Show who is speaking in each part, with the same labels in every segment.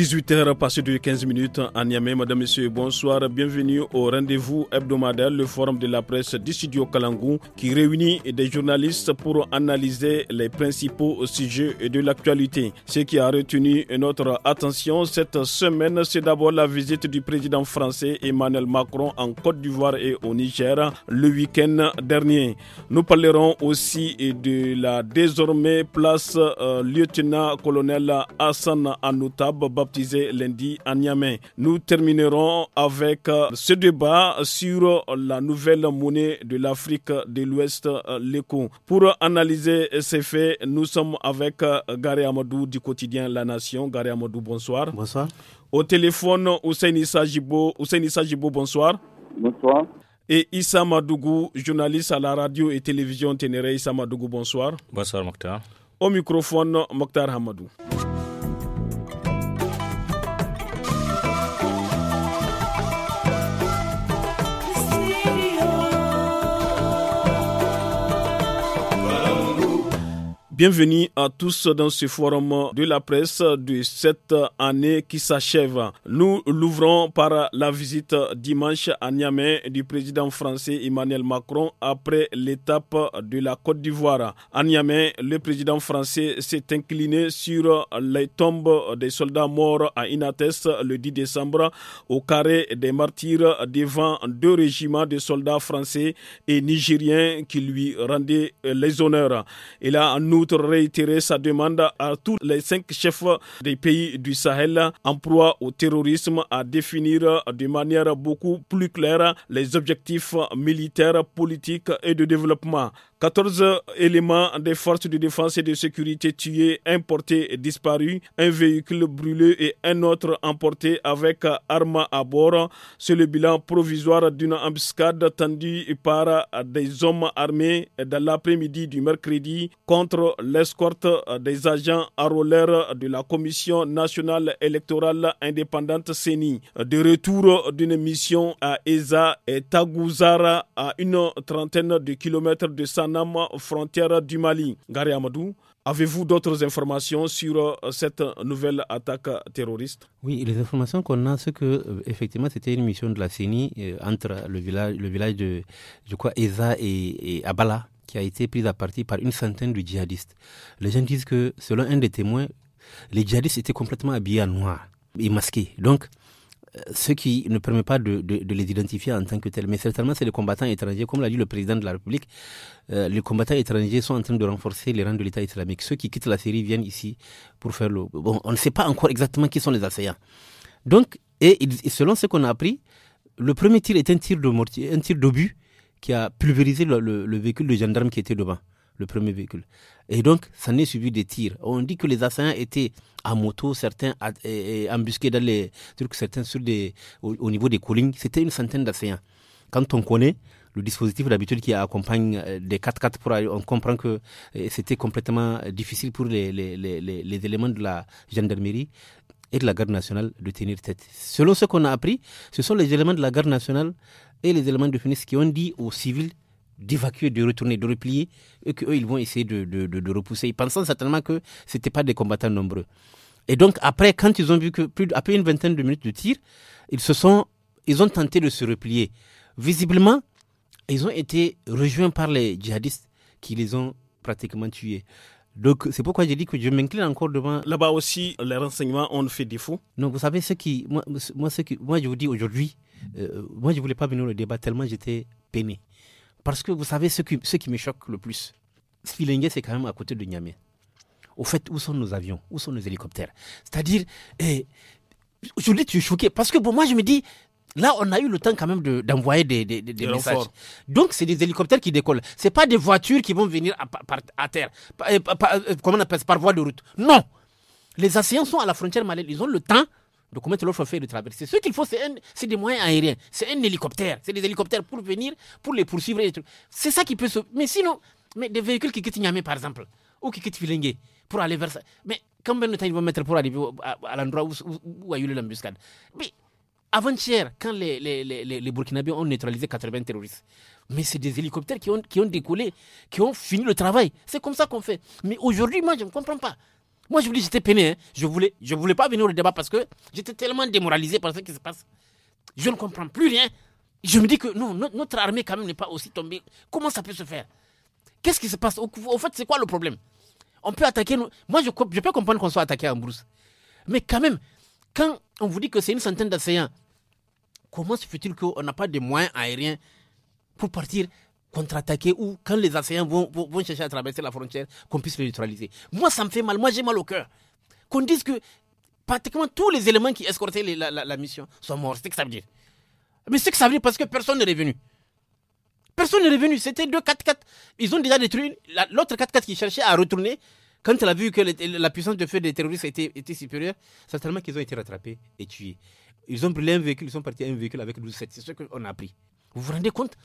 Speaker 1: 18h passé de 15 minutes à Niamey. Madame, Monsieur, bonsoir. Bienvenue au rendez-vous hebdomadaire, le forum de la presse du studio Kalangou, qui réunit des journalistes pour analyser les principaux sujets de l'actualité. Ce qui a retenu notre attention cette semaine, c'est d'abord la visite du président français Emmanuel Macron en Côte d'Ivoire et au Niger le week-end dernier. Nous parlerons aussi de la désormais place euh, lieutenant-colonel Hassan Anoutab lundi à Niamey. Nous terminerons avec euh, ce débat sur euh, la nouvelle monnaie de l'Afrique de l'Ouest, euh, l'ECO. Pour analyser ces faits, nous sommes avec Gary Amadou du quotidien La Nation. Gary Amadou, bonsoir. Bonsoir. Au téléphone, Hussein Issa Jibo. bonsoir. Bonsoir. Et Issa Madougou, journaliste à la radio et télévision Ténéré. Issa Madougou, bonsoir.
Speaker 2: Bonsoir, Mokhtar.
Speaker 1: Au microphone, Mokhtar Hamadou. Bienvenue à tous dans ce forum de la presse de cette année qui s'achève. Nous l'ouvrons par la visite dimanche à Niamey du président français Emmanuel Macron après l'étape de la Côte d'Ivoire. À Niamey, le président français s'est incliné sur les tombes des soldats morts à Inates le 10 décembre au carré des martyrs devant deux régiments de soldats français et nigériens qui lui rendaient les honneurs. Il a en réitérer sa demande à tous les cinq chefs des pays du Sahel en proie au terrorisme à définir de manière beaucoup plus claire les objectifs militaires, politiques et de développement. 14 éléments des forces de défense et de sécurité tués, importés et disparus, un véhicule brûlé et un autre emporté avec armes à bord. C'est le bilan provisoire d'une embuscade tendue par des hommes armés dans l'après-midi du mercredi contre l'escorte des agents roller de la Commission nationale électorale indépendante CENI. De retour d'une mission à Eza et Taguzara, à une trentaine de kilomètres de San frontière du Mali. Gary Amadou, Avez-vous d'autres informations sur euh, cette nouvelle attaque terroriste
Speaker 3: Oui, les informations qu'on a, c'est que euh, effectivement c'était une mission de la CENI euh, entre le village, le village de, je crois, Eza et, et Abala, qui a été prise à partie par une centaine de djihadistes. Les gens disent que, selon un des témoins, les djihadistes étaient complètement habillés en noir et masqués. Donc, ce qui ne permet pas de, les identifier en tant que tels. Mais certainement, c'est les combattants étrangers. Comme l'a dit le président de la République, euh, les combattants étrangers sont en train de renforcer les rangs de l'État islamique. Ceux qui quittent la Syrie viennent ici pour faire le... Bon, on ne sait pas encore exactement qui sont les assaillants. Donc, et, selon ce qu'on a appris, le premier tir est un tir de mortier, un tir d'obus qui a pulvérisé le, le véhicule de gendarme qui était devant, le premier véhicule. Et donc, ça n'est suivi des tirs. On dit que les assaillants étaient à moto, certains embusqués dans les trucs, certains sur des, au, niveau des collines. C'était une centaine d'assaillants. Quand on connaît le dispositif d'habitude qui accompagne euh, des 4x4 pour aller, on comprend que euh, c'était complètement difficile pour les, les, les, les éléments de la gendarmerie et de la garde nationale de tenir tête. Selon ce qu'on a appris, ce sont les éléments de la garde nationale et les éléments de FUNIS qui ont dit aux civils d'évacuer, de retourner, de replier, et qu'eux, ils vont essayer de, de, de, repousser, pensant certainement que ce pas des combattants nombreux. Et donc, après, quand ils ont vu que, plus, après une vingtaine de minutes de tir, ils se sont, ils ont tenté de se replier. Visiblement, ils ont été rejoints par les djihadistes qui les ont pratiquement tués. Donc, c'est pourquoi j'ai dit que je m'incline encore devant. Là-bas aussi, les renseignements ont fait défaut. Non, vous savez, ce qui, moi, ce qui, moi je vous dis aujourd'hui, euh, moi, je ne voulais pas venir au débat tellement j'étais peiné. Parce que vous savez, ce qui, ce qui me choque le plus, Sfilengue, c'est quand même à côté de Niamey. Au fait, où sont nos avions Où sont nos hélicoptères C'est-à-dire, eh, je dis, tu es choqué. Parce que pour moi, je me dis, là, on a eu le temps quand même d'envoyer des, des, messages. Donc, c'est des hélicoptères qui décollent. Ce pas des voitures qui vont venir à, terre, par, eh, euh, comment on appelle, par voie de route. Non Les ASEAN sont à la frontière malienne. Ils ont le temps de commettre l'autre fait de traverser. Ce qu'il faut, c'est des moyens aériens, c'est un hélicoptère, c'est des hélicoptères pour venir, pour les poursuivre. C'est ça qui peut se. Mais sinon, mais des véhicules qui quittent Niamey, par exemple, ou qui quittent Filingue, pour aller vers ça. Mais combien de temps ils vont mettre pour arriver à, l'endroit où, où, a eu l'embuscade Mais avant-hier, quand les, les, les, les, Burkinabés ont neutralisé 80 terroristes, mais c'est des hélicoptères qui ont, qui ont décollé, qui ont fini le travail. C'est comme ça qu'on fait. Mais aujourd'hui, moi, je ne comprends pas. Moi, je vous dis, j'étais peiné. Hein. Je ne voulais, je voulais pas venir au débat parce que j'étais tellement démoralisé par ce qui se passe. Je ne comprends plus rien. Je me dis que non, notre armée, quand même, n'est pas aussi tombée. Comment ça peut se faire Qu'est-ce qui se passe au, fait, c'est quoi le problème On peut attaquer. Moi, je, peux comprendre qu'on soit attaqué à brousse. Mais quand même, quand on vous dit que c'est une centaine d'assaillants, comment se fait-il qu'on n'a pas de moyens aériens pour partir contre-attaquer ou quand les assaillants vont, chercher à traverser la frontière, qu'on puisse les neutraliser. Moi, ça me fait mal. Moi, j'ai mal au cœur. Qu'on dise que pratiquement tous les éléments qui escortaient la, mission sont morts. C'est ce que ça veut dire. Mais c'est ce que ça veut dire parce que personne n'est revenu. Personne n'est revenu. C'était deux 4-4. Ils ont déjà détruit l'autre 4-4 qui cherchait à retourner. Quand elle a vu que la puissance de feu des terroristes était, était supérieure, certainement qu'ils ont été rattrapés et tués. Ils ont brûlé un véhicule, ils sont partis à un véhicule avec 12-7. C'est ce qu'on a appris. Vous vous rendez
Speaker 1: compte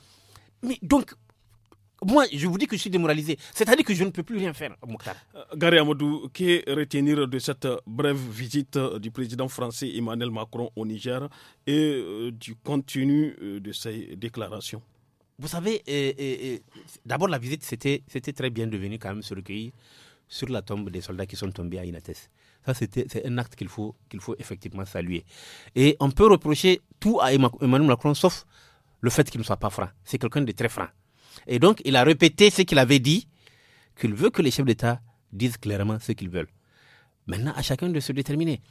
Speaker 1: mais donc, moi, je vous dis que je suis démoralisé.
Speaker 3: C'est-à-dire que je ne peux plus rien faire,
Speaker 1: Mokhtar. Euh, Gary Amadou, que retenir de cette brève visite euh, du président français Emmanuel Macron au Niger et euh, du contenu de ses déclarations Vous savez, d'abord, la visite, c'était très bien de venir quand même se recueillir
Speaker 3: sur la tombe des soldats qui sont tombés à Inates. Ça, c'est un acte qu'il faut, qu'il faut effectivement saluer. Et on peut reprocher tout à Emmanuel Macron, sauf le fait qu'il ne soit pas franc. C'est quelqu'un de très franc. Et donc, il a répété ce qu'il avait dit, qu'il veut que les chefs d'État disent clairement ce qu'ils veulent. Maintenant, à chacun de se déterminer.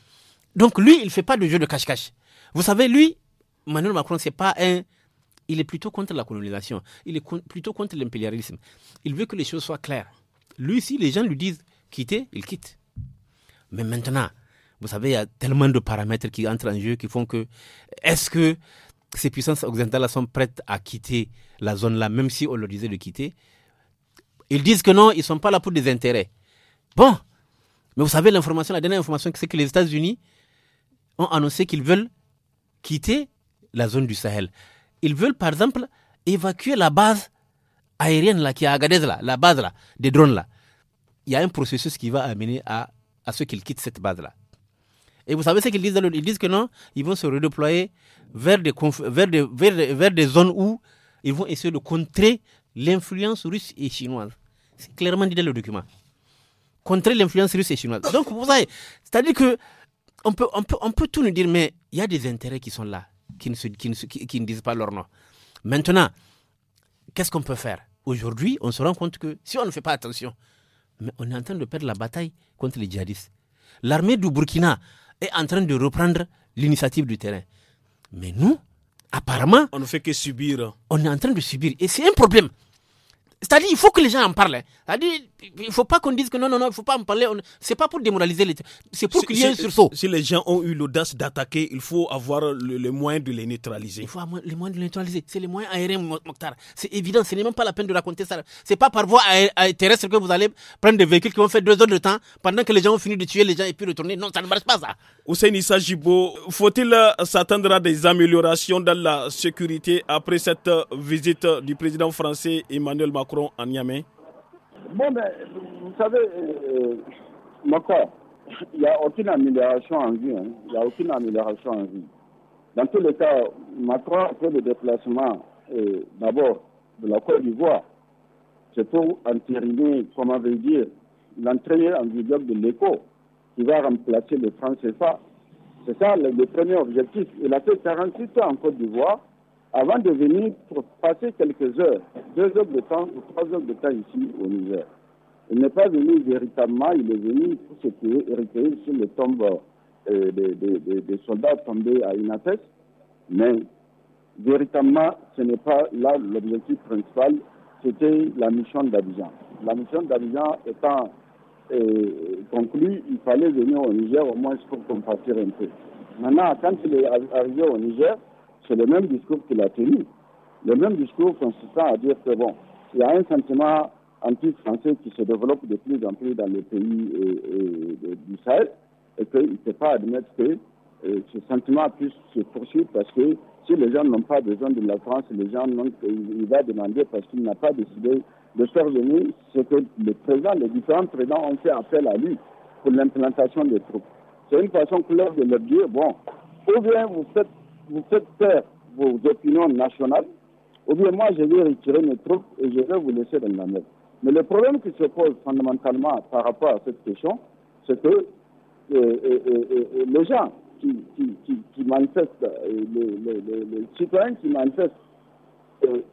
Speaker 3: Donc, lui, il ne fait pas de jeu de cache-cache. Vous savez, lui, Emmanuel Macron, c'est pas un. Il est plutôt contre la colonisation. Il est plutôt contre l'impérialisme. Il veut que les choses soient claires. Lui, si les gens lui disent quitter, il quitte. Mais maintenant, vous savez, il y a tellement de paramètres qui entrent en jeu qui font que est-ce que ces puissances occidentales sont prêtes à quitter la zone là, même si on leur disait de quitter. Ils disent que non, ils ne sont pas là pour des intérêts. Bon, mais vous savez, l'information, la dernière information, c'est que les États-Unis ont annoncé qu'ils veulent quitter la zone du Sahel. Ils veulent, par exemple, évacuer la base aérienne là, qui est à Agadez, la base là, des drones. là. Il y a un processus qui va amener à, à ce qu'ils quittent cette base là. Et vous savez ce qu'ils disent Ils disent que non, ils vont se redéployer vers des, vers des, zones où ils vont essayer de contrer l'influence russe et chinoise. C'est clairement dit dans le document. Contrer l'influence russe et chinoise. Donc, vous savez, c'est-à-dire que on peut, on, peut, tout nous dire, mais il y a des intérêts qui sont là, qui ne, qui ne, disent pas leur nom. Maintenant, qu'est-ce qu'on peut faire Aujourd'hui, on se rend compte que si on ne fait pas attention, on est en train de perdre la bataille contre les djihadistes. L'armée du Burkina est en train de reprendre l'initiative du terrain. Mais nous, apparemment. On ne fait que subir. On est en train de subir. Et c'est un problème. C'est-à-dire, il faut que les gens en parlent. C'est-à-dire, il faut pas qu'on dise que non, non, non, il faut pas en parler. On... C'est pas pour démoraliser les. C'est pour qu'il y ait un sursaut.
Speaker 1: Si les gens ont eu l'audace d'attaquer, il faut avoir le, moyens moyen de les neutraliser. Il faut avoir le moyen de les neutraliser. C'est les moyens aériens,
Speaker 3: Mokhtar. C'est évident. Ce n'est même pas la peine de raconter ça. C'est pas par voie terrestre que vous allez prendre
Speaker 1: des véhicules qui vont faire deux heures de temps pendant que les gens ont fini de tuer les gens et puis retourner. Non, ça ne marche pas, ça. Hussein Issa faut-il euh, s'attendre à des améliorations dans la sécurité après cette euh, visite du président français Emmanuel Macron à Niamey?
Speaker 4: Bon, mais vous savez, euh, il n'y a aucune amélioration en vue. Hein. Il n'y a aucune amélioration en Dans tous les cas, ma a fait le déplacement euh, d'abord de la Côte d'Ivoire. C'est pour entériner, comment veut dire, l'entrée en vigueur de l'écho qui va remplacer le franc CFA. C'est ça le, premier objectif. Il a fait 48 ans en Côte d'Ivoire avant de venir pour passer quelques heures, deux heures de temps ou trois heures de temps ici au Niger. Il n'est pas venu véritablement, il est venu pour se recueillir sur les tombes euh, des, soldats tombés à Inates, mais véritablement, ce n'est pas là l'objectif principal, c'était la mission d'Abidjan. La mission d'Abidjan étant euh, conclue, il fallait venir au Niger au moins pour compartir un peu. Maintenant, quand il est arrivé au Niger, c'est le même discours qu'il a tenu. Le même discours consistant à dire que, bon, il y a un sentiment anti-français qui se développe de plus en plus dans les pays euh, euh, du Sahel et qu'il ne peut pas admettre que euh, ce sentiment puisse se poursuivre parce que si les gens n'ont pas besoin de la France, les gens n'ont il va demander parce qu'il n'a pas décidé de faire venir ce que le président, les différents présidents ont fait appel à lui pour l'implantation des troupes. C'est une façon claire de leur dire, bon, ou bien vous faites vous faites faire vos opinions nationales, ou bien moi je vais retirer mes troupes et je vais vous laisser dans la mer. Mais le problème qui se pose fondamentalement par rapport à cette question, c'est que euh, euh, euh, les gens qui, manifestent, les, citoyens qui manifestent,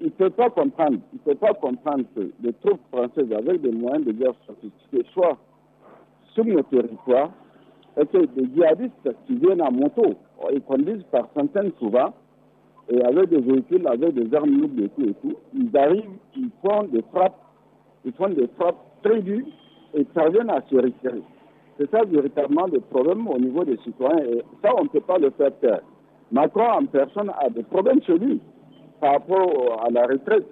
Speaker 4: ils ne peuvent pas comprendre, comprendre que les troupes françaises avec des moyens de guerre sophistiqués soient sur nos territoires et que des djihadistes qui viennent à moto ils conduisent par centaines souvent, et avec des véhicules, avec des armes lourdes et tout Ils arrivent, ils font des frappes, ils font des frappes très dures et parviennent à se retirer. C'est ça véritablement le problème au niveau des citoyens. Et ça, on ne peut pas le faire taire. Macron en personne a des problèmes chez lui par rapport à la retraite.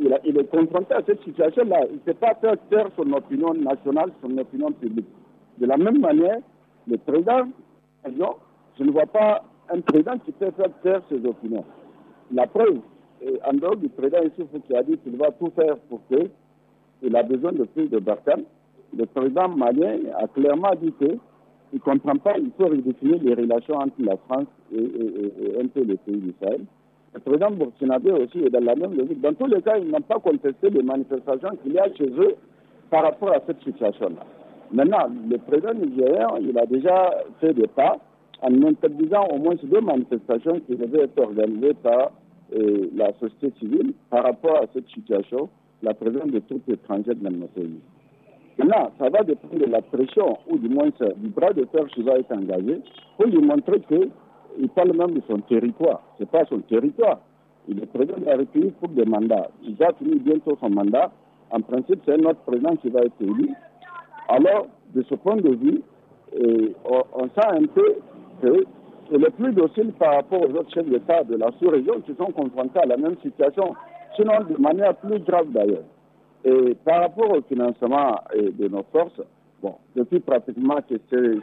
Speaker 4: Il, est confronté à cette situation-là. Il ne peut pas faire taire son opinion nationale, son opinion publique. De la même manière, le président je ne vois pas un président qui peut faire ses opinions. La preuve, euh, en dehors du président Issouf qui a dit qu'il va tout faire pour que il a besoin de plus de Barkhane, le président malien a clairement dit qu'il ne comprend pas, il faut redéfinir les relations entre la France et, et, un peu les pays du Le président Burkinabé aussi est dans la même logique. Dans tous les cas, ils n'ont pas contesté les manifestations qu'il y a chez eux par rapport à cette situation-là. Maintenant, le président nigérien, il a déjà fait des pas en interdisant au moins deux manifestations qui devaient être organisées par euh, la société civile par rapport à cette situation, la présence de troupes étrangères dans notre pays. Là, ça va dépendre de la pression, ou du moins du bras de fer qui va être engagé, pour lui montrer qu'il parle même de son territoire. Ce n'est pas son territoire. Il est président de la pour des mandats. Il a fini bientôt son mandat. En principe, c'est notre autre président qui va être élu. Alors, de ce point de vue, euh, on, on, sent un peu et le plus docile par rapport aux autres chefs d'État de la sous-région qui sont confrontés à la même situation, sinon de manière plus grave d'ailleurs. Et par rapport au financement de nos forces, bon, depuis pratiquement que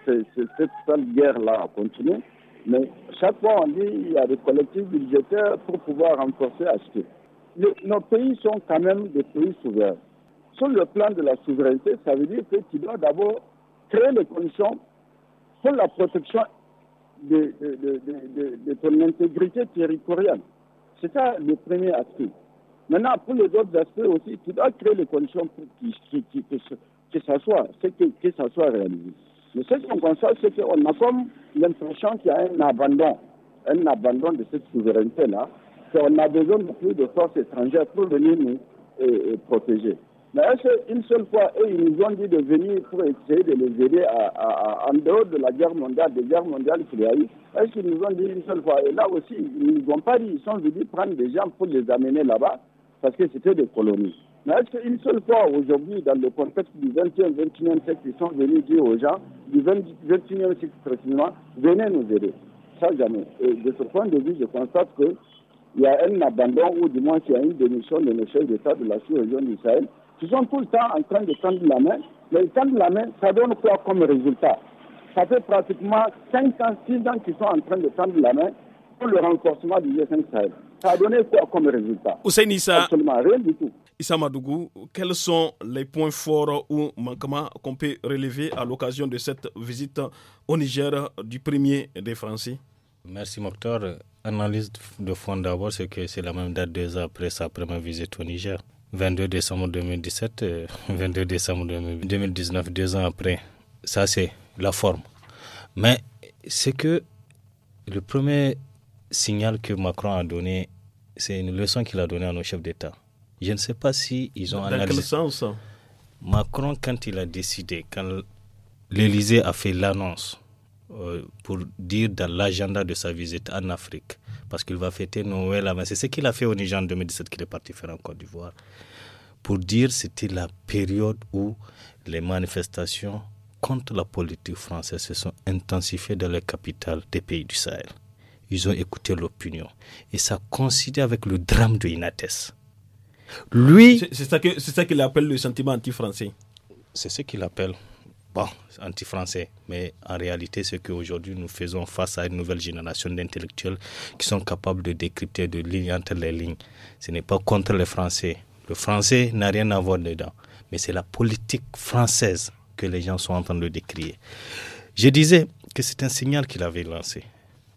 Speaker 4: cette seule guerre-là a continué, mais chaque fois on dit qu'il y a des collectifs budgétaires pour pouvoir renforcer, acheter. nos pays sont quand même des pays souverains. Sur le plan de la souveraineté, ça veut dire que tu dois d'abord créer les conditions pour la protection de, ton intégrité territoriale. C'est ça le premier aspect. Maintenant, pour les autres aspects aussi, tu dois créer les conditions pour que, ça soit, que, ça soit réalisé. Mais ce qu'on c'est qu'on a comme l'impression qu'il y a un abandon, un abandon de cette souveraineté-là, qu'on a besoin de plus de forces étrangères pour venir nous euh, euh, protéger. Mais est-ce qu'une seule fois, eux, ils nous ont dit de venir pour essayer de les aider en dehors de la guerre mondiale, des guerres mondiales qu'il y a Est-ce qu'ils nous ont dit une seule fois Et là aussi, ils ne nous ont pas dit, ils sont venus prendre des gens pour les amener là-bas, parce que c'était des colonies. Mais est-ce qu'une seule fois aujourd'hui, dans le contexte du 21, e 21e siècle, ils sont venus dire aux gens, du 21e siècle précisément, venez nous aider Ça, jamais. Et de ce point de vue, je constate qu'il y a un abandon, ou du moins qu'il y a une démission de nos chefs d'État de la sous-région d'Israël. Ils sont tout le temps en train de tendre la main. Mais ils tendent la main, ça donne quoi comme résultat Ça fait pratiquement 5 ans, 6 ans qu'ils sont en train de tendre la main pour le renforcement du G5 Sahel. Ça a donné quoi comme résultat
Speaker 1: Absolument rien du tout. Issa Madougou, quels sont les points forts ou manquements qu'on peut relever à l'occasion de cette visite au Niger du premier des Français
Speaker 2: Merci Mokhtar. Analyse de fond d'abord, c'est que c'est la même date deux ans après sa première visite au Niger. 22 décembre 2017, 22 euh, décembre 2019, deux ans après. Ça, c'est la forme. Mais c'est que le premier signal que Macron a donné, c'est une leçon qu'il a donnée à nos chefs d'État. Je ne sais pas si ils ont analysé. Hein? Macron, quand il a décidé, quand l'Élysée a fait l'annonce euh, pour dire dans l'agenda de sa visite en Afrique, parce qu'il va fêter Noël avant. C'est ce qu'il a fait au Niger en 2017 qu'il est parti faire en Côte d'Ivoire. Pour dire c'était la période où les manifestations contre la politique française se sont intensifiées dans les capitales des pays du Sahel. Ils ont écouté l'opinion. Et ça coïncidait avec le drame de Inates. Lui. C'est ça qu'il appelle le sentiment anti-français. C'est ce qu'il appelle bon, anti-français. Mais en réalité, c'est qu'aujourd'hui, nous faisons face à une nouvelle génération d'intellectuels qui sont capables de décrypter de lignes entre les lignes. Ce n'est pas contre les Français. Le français n'a rien à voir dedans. Mais c'est la politique française que les gens sont en train de décrire. Je disais que c'est un signal qu'il avait lancé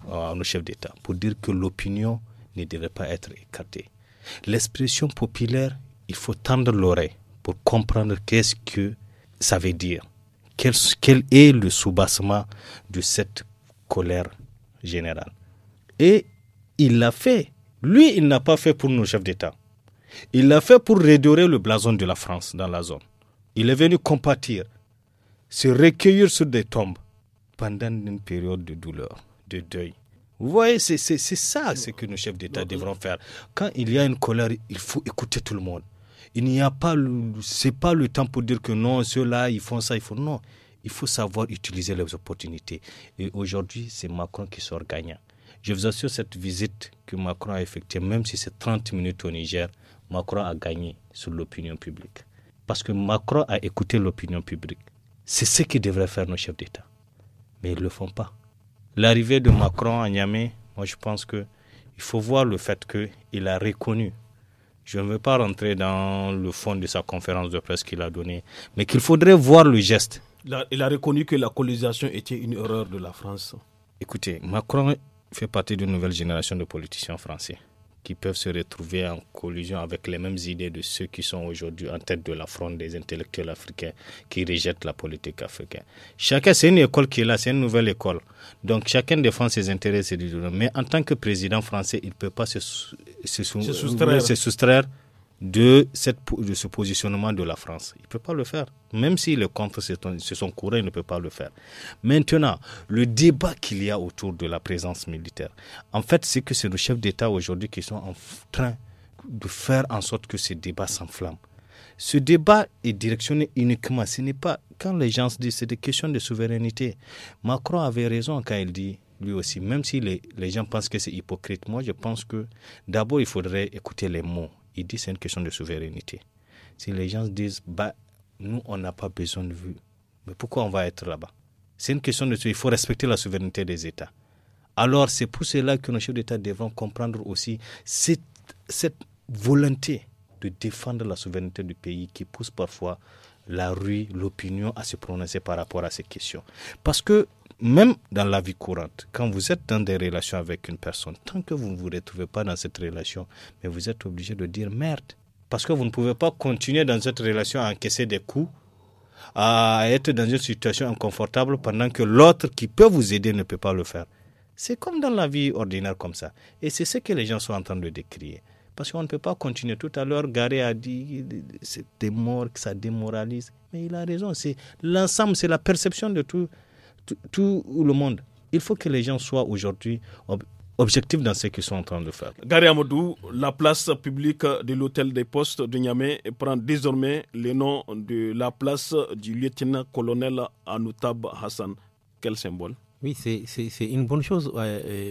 Speaker 2: euh, à nos chefs d'État pour dire que l'opinion ne devrait pas être écartée. L'expression populaire, il faut tendre l'oreille pour comprendre qu'est-ce que ça veut dire quel, est le soubassement de cette colère générale. Et il l'a fait. Lui, il n'a pas fait pour nos chefs d'État. Il l'a fait pour redorer le blason de la France dans la zone. Il est venu compatir, se recueillir sur des tombes pendant une période de douleur, de deuil. Vous voyez, c'est ça ce que nos chefs d'État bah devront faire. Quand il y a une colère, il faut écouter tout le monde. Il n'y a pas, c'est pas le temps pour dire que non, ceux-là, ils font ça, ils font non. Il faut savoir utiliser les opportunités. Et aujourd'hui, c'est Macron qui sort gagnant. Je vous assure, cette visite que Macron a effectuée, même si c'est 30 minutes au Niger, Macron a gagné sur l'opinion publique. Parce que Macron a écouté l'opinion publique. C'est ce qu'ils devraient faire nos chefs d'État. Mais ils le font pas. L'arrivée de Macron à Niamey, moi je pense que il faut voir le fait qu'il a reconnu je ne veux pas rentrer dans le fond de sa conférence de presse qu'il a donnée, mais qu'il faudrait voir le geste.
Speaker 1: Il a, reconnu que la colonisation était une erreur de la France.
Speaker 2: Écoutez, Macron fait partie d'une nouvelle génération de politiciens français qui peuvent se retrouver en collusion avec les mêmes idées de ceux qui sont aujourd'hui en tête de la fronde des intellectuels africains qui rejettent la politique africaine. Chacun, c'est une école qui est là, c'est une nouvelle école. Donc chacun défend ses intérêts, ses Mais en tant que président français, il ne peut pas se, se soustraire de, cette, de ce positionnement de la France. Il ne peut pas le faire. Même si le contre c'est son courant, il ne peut pas le faire. Maintenant, le débat qu'il y a autour de la présence militaire, en fait, c'est que c'est nos chefs d'État aujourd'hui qui sont en train de faire en sorte que ce débat s'enflamme. Ce débat est directionné uniquement. Ce n'est pas quand les gens se disent c'est des questions de souveraineté. Macron avait raison quand il dit lui aussi, même si les, les gens pensent que c'est hypocrite. Moi, je pense que d'abord, il faudrait écouter les mots il dit c'est une question de souveraineté. Si les gens disent, bah, nous, on n'a pas besoin de vous, mais pourquoi on va être là-bas C'est une question de... Il faut respecter la souveraineté des États. Alors c'est pour cela que nos chefs d'État devront comprendre aussi cette, cette, volonté de défendre la souveraineté du pays qui pousse parfois la rue, l'opinion à se prononcer par rapport à ces questions. Parce que même dans la vie courante, quand vous êtes dans des relations avec une personne, tant que vous ne vous retrouvez pas dans cette relation, mais vous êtes obligé de dire merde. Parce que vous ne pouvez pas continuer dans cette relation à encaisser des coups, à être dans une situation inconfortable pendant que l'autre qui peut vous aider ne peut pas le faire. C'est comme dans la vie ordinaire comme ça. Et c'est ce que les gens sont en train de décrire, Parce qu'on ne peut pas continuer. Tout à l'heure, Garé a dit c'est des morts, que ça démoralise. Mais il a raison. C'est l'ensemble, c'est la perception de tout, tout le monde. Il faut que les gens soient aujourd'hui objectifs dans ce qu'ils sont en train de faire.
Speaker 1: Gary la place publique de l'hôtel des postes de Niamey prend désormais le nom de la place du lieutenant-colonel Anoutab Hassan. Quel symbole
Speaker 3: oui, c'est une bonne chose,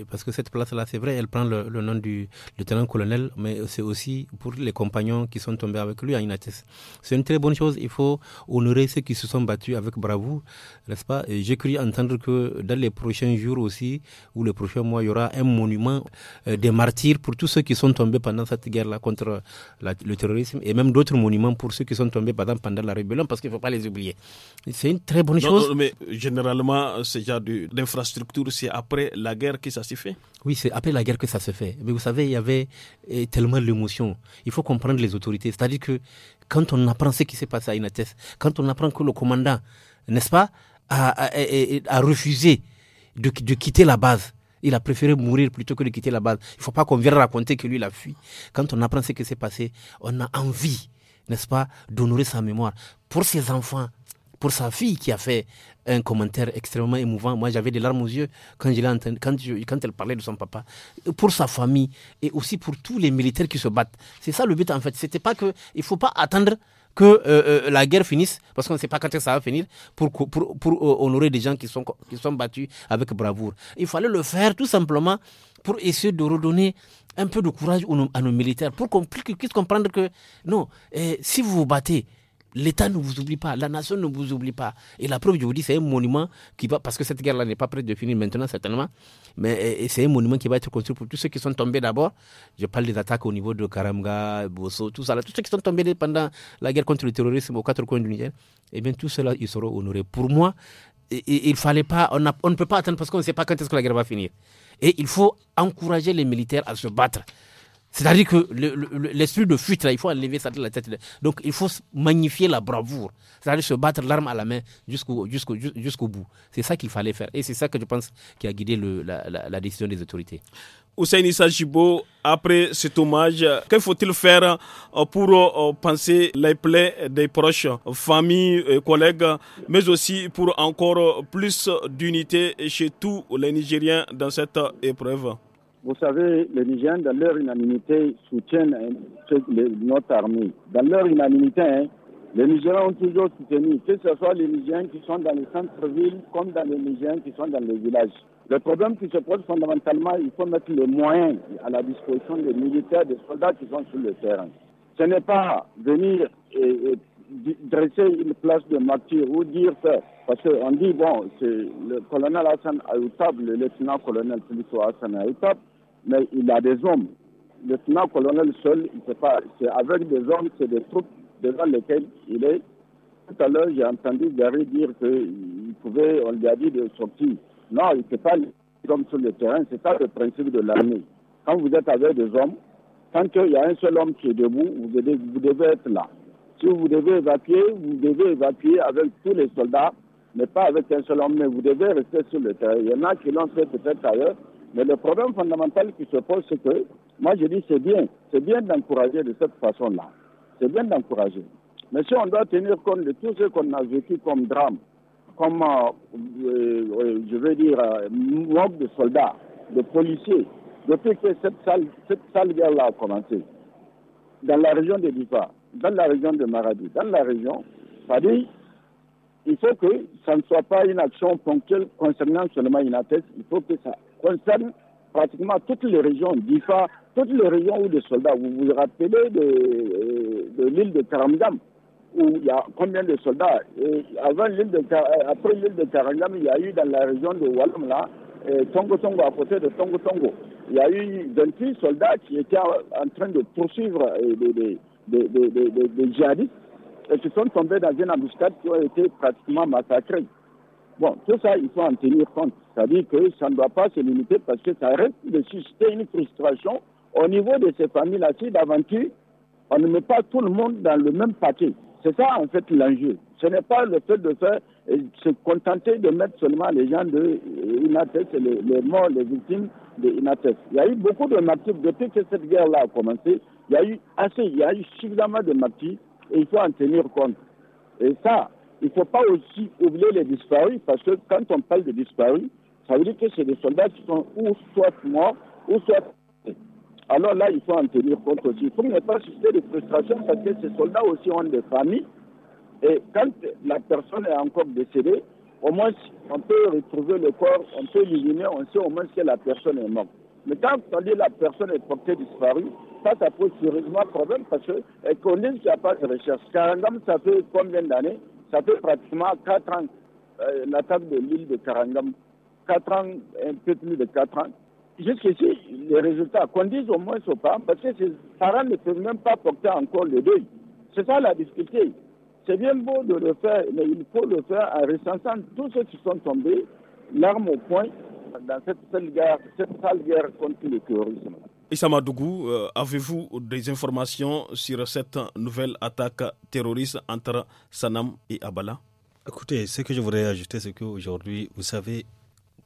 Speaker 3: parce que cette place-là, c'est vrai, elle prend le, nom du lieutenant-colonel, mais c'est aussi pour les compagnons qui sont tombés avec lui à Inates. C'est une très bonne chose, il faut honorer ceux qui se sont battus avec bravoure, n'est-ce pas J'ai cru entendre que dans les prochains jours aussi, ou les prochains mois, il y aura un monument euh, des martyrs pour tous ceux qui sont tombés pendant cette guerre-là contre le terrorisme, et même d'autres monuments pour ceux qui sont tombés pendant, pendant la rébellion, parce qu'il ne faut pas les oublier. C'est une très bonne chose.
Speaker 1: mais généralement, c'est déjà de l'infrastructure, c'est après la guerre que ça s'est fait
Speaker 3: Oui, c'est après la guerre que ça se fait. Mais vous savez, il y avait eh, tellement l'émotion Il faut comprendre les autorités. C'est-à-dire que quand on apprend ce qui s'est passé à Inates, quand on apprend que le commandant, n'est-ce pas, a, refusé de, de quitter la base, il a préféré mourir plutôt que de quitter la base. Il ne faut pas qu'on vienne raconter que lui, il a fui. Quand on apprend ce qui s'est passé, on a envie, n'est-ce pas, d'honorer sa mémoire. Pour ses enfants, pour sa fille qui a fait un commentaire extrêmement émouvant. Moi, j'avais des larmes aux yeux quand, je quand, quand, elle parlait de son papa. Pour sa famille et aussi pour tous les militaires qui se battent. C'est ça le but, en fait. C'était pas que. Il faut pas attendre que euh, euh, la guerre finisse, parce qu'on ne sait pas quand ça va finir, pour, pour, euh, honorer des gens qui sont, qui sont battus avec bravoure. Il fallait le faire tout simplement pour essayer de redonner un peu de courage à nos, militaires, pour qu'on puisse comprendre que non, eh, si vous vous battez, L'État ne vous oublie pas, la nation ne vous oublie pas. Et la preuve, je vous dis, c'est un monument qui va, parce que cette guerre-là n'est pas prête de finir maintenant, certainement, mais c'est un monument qui va être construit pour tous ceux qui sont tombés d'abord. Je parle des attaques au niveau de Karamga, Bosso, tout ça, tous ceux qui sont tombés pendant la guerre contre le terrorisme aux quatre coins du Niger, eh bien, tout cela, ils seront honorés. Pour moi, il fallait pas, on, on ne peut pas attendre parce qu'on ne sait pas quand est-ce que la guerre va finir. Et il faut encourager les militaires à se battre. C'est-à-dire que l'esprit de fuite, il faut enlever ça de la tête. Donc, il faut magnifier la bravoure. C'est-à-dire se battre l'arme à la main jusqu'au bout. C'est ça qu'il fallait faire. Et c'est ça que je pense qui a guidé la, décision des autorités.
Speaker 1: Hussein Issa Jibo, après cet hommage, que faut-il faire euh, pour euh, penser les plaies des proches, familles, collègues, mais aussi pour encore plus d'unité chez tous les Nigériens dans cette épreuve
Speaker 4: vous savez, les Nigériens, dans leur unanimité, soutiennent hein, notre armée. Dans leur unanimité, hein, les Nigériens ont toujours soutenu, que ce soit les Nigériens qui sont dans les centres-villes comme dans les Nigériens qui sont dans les villages. Le problème qui se pose fondamentalement, il faut mettre les moyens à la disposition des militaires, des soldats qui sont sur le terrain. Ce n'est pas venir dresser une place de martyr ou dire que, parce qu'on dit, bon, c'est le colonel Hassan Aoutab, le lieutenant-colonel Félix Hassan Aoutab, mais il a des hommes. Le colonel seul, c'est avec des hommes, c'est des troupes devant lesquelles il est. Tout à l'heure, j'ai entendu Gary dire qu'il pouvait, on lui a dit de sortir. Non, il ne peut pas comme sur le terrain, n'est pas le principe de l'armée. Quand vous êtes avec des hommes, tant qu'il y a un seul homme qui est debout, vous devez, vous devez être là. Si vous devez évacuer, vous devez évacuer avec tous les soldats, mais pas avec un seul homme, mais vous devez rester sur le terrain. Il y en a qui l'ont fait peut-être ailleurs, mais le problème fondamental qui se pose, c'est que, moi je dis c'est bien, c'est bien d'encourager de cette façon-là. C'est bien d'encourager. Mais si on doit tenir compte de tout ce qu'on a vécu comme drame, comme, euh, euh, euh, je veux dire, manque de soldats, de policiers, depuis que cette salle, cette guerre-là a commencé, dans la région de dans la région de Maradi, dans la région, ça dit, il faut que ça ne soit pas une action ponctuelle concernant seulement une athèse. Il faut que ça concerne pratiquement toutes les régions d'IFA, toutes les régions où des soldats. Vous vous rappelez de, euh, l'île de Tarangam, où il y a combien de soldats euh, avant euh, Après l'île de Tarangam, il y a eu dans la région de Wallam, là, Tongo Tongo, à côté de Tongo Tongo. Il y a eu 26 soldats qui étaient en train de poursuivre des djihadistes et sont tombés dans une embuscade qui a été pratiquement massacrée. Bon, tout ça, il faut en tenir compte. C'est-à-dire que ça ne doit pas se limiter parce que ça risque de susciter une frustration au niveau de ces familles-là. Si d'aventure, on ne met pas tout le monde dans le même paquet. C'est ça, en fait, l'enjeu. Ce n'est pas le fait de euh, se contenter de mettre seulement les gens de euh, Inates, les, les, morts, les victimes de Inates. Il y a eu beaucoup de martyrs depuis que cette guerre-là a commencé. Il y a eu assez, il y a eu suffisamment de martyrs il faut en tenir compte. Et ça, il ne faut pas aussi oublier les disparus, parce que quand on parle de disparus, ça veut dire que c'est des soldats qui sont ou soit morts, ou soit... Alors là, il faut en tenir compte aussi. Il faut ne pas susciter de frustration, parce que ces soldats aussi ont des familles, et quand la personne est encore décédée, au moins, on peut retrouver le corps, on peut l'éliminer, on sait au moins que la personne est morte. Mais quand on dit la personne est portée disparue, ça, ça pose sérieusement problème parce que dit qu'il n'y a pas de recherche. Karangam, ça fait combien d'années Ça fait pratiquement 4 ans, l'attaque euh, de l'île de Karangam. 4 ans, un peu plus de 4 ans. Jusqu'ici, les résultats, qu'on dise au moins ce pas, parce que Sarah ne peuvent même pas porter encore le deuil. C'est ça la difficulté. C'est bien beau de le faire, mais il faut le faire en recensant tous ceux qui sont tombés, l'arme au point, dans cette, seule guerre, cette sale guerre contre le terrorisme.
Speaker 1: Issa euh, avez-vous des informations sur cette nouvelle attaque terroriste entre Sanam et Abala
Speaker 2: Écoutez, ce que je voudrais ajouter, c'est qu'aujourd'hui, vous savez,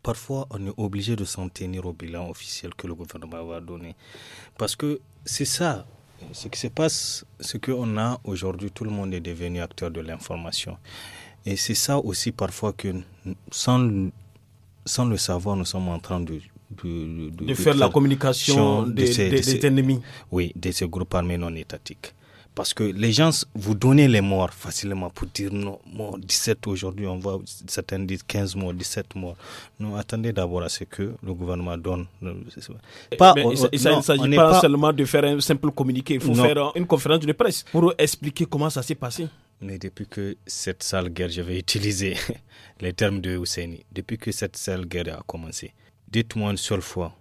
Speaker 2: parfois on est obligé de s'en tenir au bilan officiel que le gouvernement va donner. Parce que c'est ça, ce qui se passe, ce qu'on a aujourd'hui, tout le monde est devenu acteur de l'information. Et c'est ça aussi parfois que, sans, sans le savoir, nous sommes en train de de, faire la communication des, des, ennemis. Oui, de ces groupes armés non étatiques. Parce que les gens, vous donnez les morts facilement pour dire non, mort 17 aujourd'hui, on voit certains disent 15 morts, 17 morts. Non, attendez d'abord à ce que le gouvernement donne. Euh, eh, pas, il ne s'agit pas,
Speaker 1: seulement de faire un simple communiqué, il faut faire une conférence de presse pour expliquer comment ça s'est passé.
Speaker 2: Mais depuis que cette sale guerre, je vais utiliser les termes de Husseini, depuis que cette sale guerre a commencé, Dites-moi une seule fois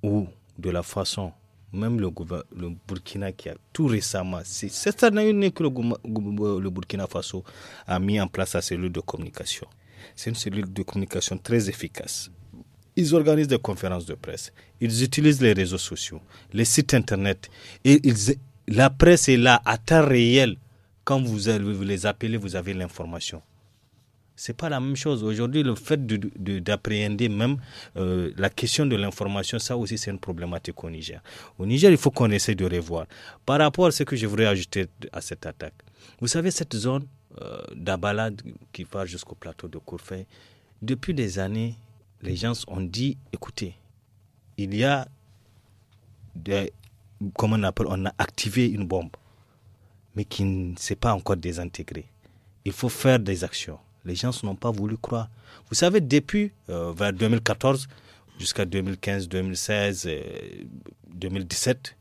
Speaker 2: où, de la façon, même le, le Burkina qui a tout récemment, c'est que euh, le, Burkina Faso a mis en place sa cellule de communication. C'est une cellule de communication très efficace. Ils organisent des conférences de presse, ils utilisent les réseaux sociaux, les sites internet, et la presse est là à temps réel. Quand vous les appelez, vous avez l'information c'est pas la même chose. Aujourd'hui, le fait d'appréhender même euh, la question de l'information, ça aussi, c'est une problématique au Niger. Au Niger, il faut qu'on essaie de revoir. Par rapport à ce que je voudrais ajouter à cette attaque, vous savez, cette zone euh, d'abalade qui va jusqu'au plateau de Courfey, depuis des années, les gens ont dit écoutez, il y a comment on appelle, on a activé une bombe, mais qui ne s'est pas encore désintégrée. Il faut faire des actions les gens n'ont pas voulu croire. Vous savez, depuis euh, vers 2014 jusqu'à 2015, 2016, 2017,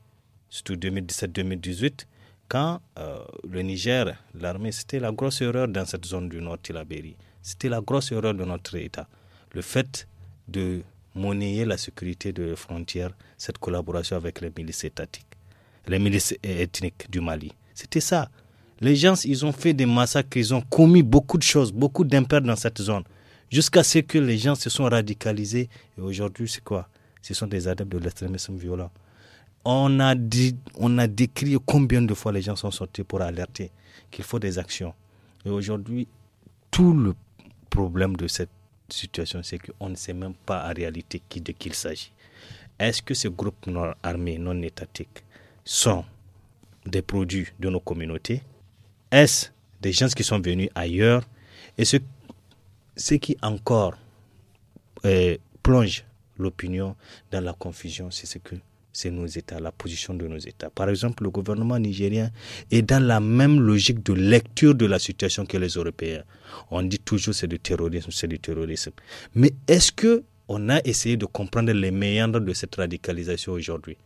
Speaker 2: surtout 2017-2018, quand euh, le Niger, l'armée, c'était la grosse erreur dans cette zone du nord Tilaberi. C'était la grosse erreur de notre État. Le fait de monnayer la sécurité de frontières, cette collaboration avec les milices étatiques, les milices ethniques du Mali. C'était ça. Les gens, ils ont fait des massacres, ils ont commis beaucoup de choses, beaucoup d'impairs dans cette zone, jusqu'à ce que les gens se sont radicalisés. Et aujourd'hui, c'est quoi Ce sont des adeptes de l'extrémisme violent. On a, dit, on a décrit combien de fois les gens sont sortis pour alerter qu'il faut des actions. Et aujourd'hui, tout le problème de cette situation, c'est qu'on ne sait même pas en réalité qui, de qui il s'agit. Est-ce que ces groupes non armés, non étatiques, sont des produits de nos communautés est-ce des gens qui sont venus ailleurs et ce, qui encore euh, plonge l'opinion dans la confusion, c'est ce que c'est nos États, la position de nos États. Par exemple, le gouvernement nigérien est dans la même logique de lecture de la situation que les Européens. On dit toujours c'est du terrorisme, c'est du terrorisme. Mais est-ce que on a essayé de comprendre les méandres de cette radicalisation aujourd'hui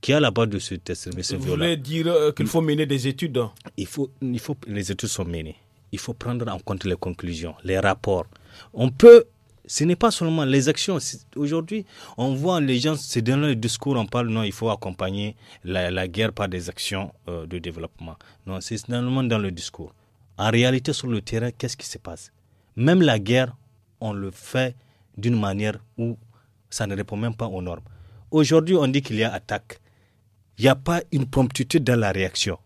Speaker 2: qui a la base de ce test. Vous voulez dire euh, qu'il faut mener des études hein? il faut, il faut, Les études sont menées. Il faut prendre en compte les conclusions, les rapports. On peut ce n'est pas seulement les actions. Aujourd'hui, on voit les gens, c'est dans le discours, on parle, non, il faut accompagner la, guerre par des actions euh, de développement. Non, c'est seulement dans le discours. En réalité, sur le terrain, qu'est-ce qui se passe Même la guerre, on le fait d'une manière où ça ne répond même pas aux normes. Aujourd'hui, on dit qu'il y a attaque il n'y a pas une promptitude dans la réaction.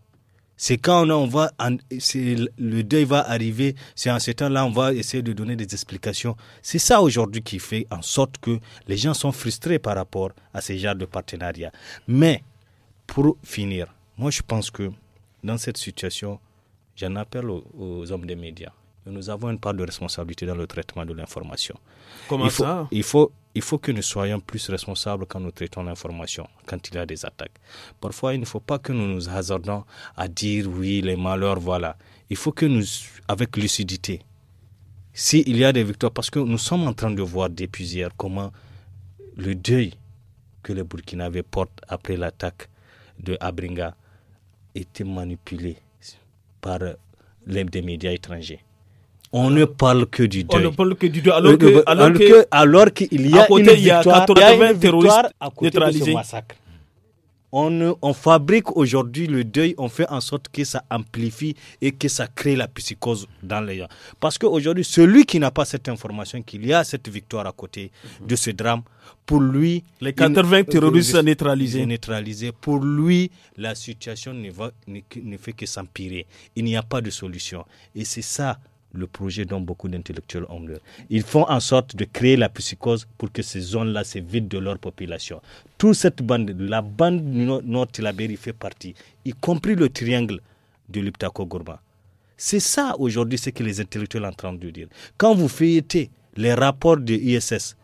Speaker 2: C'est quand on, le deuil va arriver, c'est en ce temps-là, on va essayer de donner des explications. C'est ça aujourd'hui qui fait en sorte que les gens sont frustrés par rapport à ce genre de partenariat. Mais, pour finir, moi je pense que dans cette situation, j'en appelle aux, hommes des médias. Nous avons une part de responsabilité dans le traitement de l'information. Comment il ça Il faut il faut que nous soyons plus responsables quand nous traitons l'information, quand il y a des attaques. Parfois, il ne faut pas que nous nous hasardons à dire oui, les malheurs, voilà. Il faut que nous, avec lucidité, s'il y a des victoires, parce que nous sommes en train de voir depuis hier comment le deuil que les Burkinabés portent après l'attaque de Abringa était manipulé par les des médias étrangers on ne parle que du deuil. On ne parle que du deuil. Alors qu'il y a 80 terroristes à côté de ce massacre. On, on fabrique aujourd'hui le deuil, on fait en sorte que ça amplifie et que ça crée la psychose dans les gens. Parce qu'aujourd'hui, celui qui n'a pas cette information qu'il y a cette victoire à côté de ce drame, pour lui... Les 80 euh, terroristes euh, neutralisés. neutralisés. Pour lui, la situation ne, va, ne, ne fait que s'empirer. Il n'y a pas de solution. Et c'est ça le projet dont beaucoup d'intellectuels ont Ils font en sorte de créer la psychose pour que ces zones-là se vident de leur population. Toute cette bande, la bande nord tilabéry fait partie, y compris le triangle de luptako Gourma. C'est ça aujourd'hui ce que les intellectuels sont en train de dire. Quand vous feuilletez les rapports de l'ISS,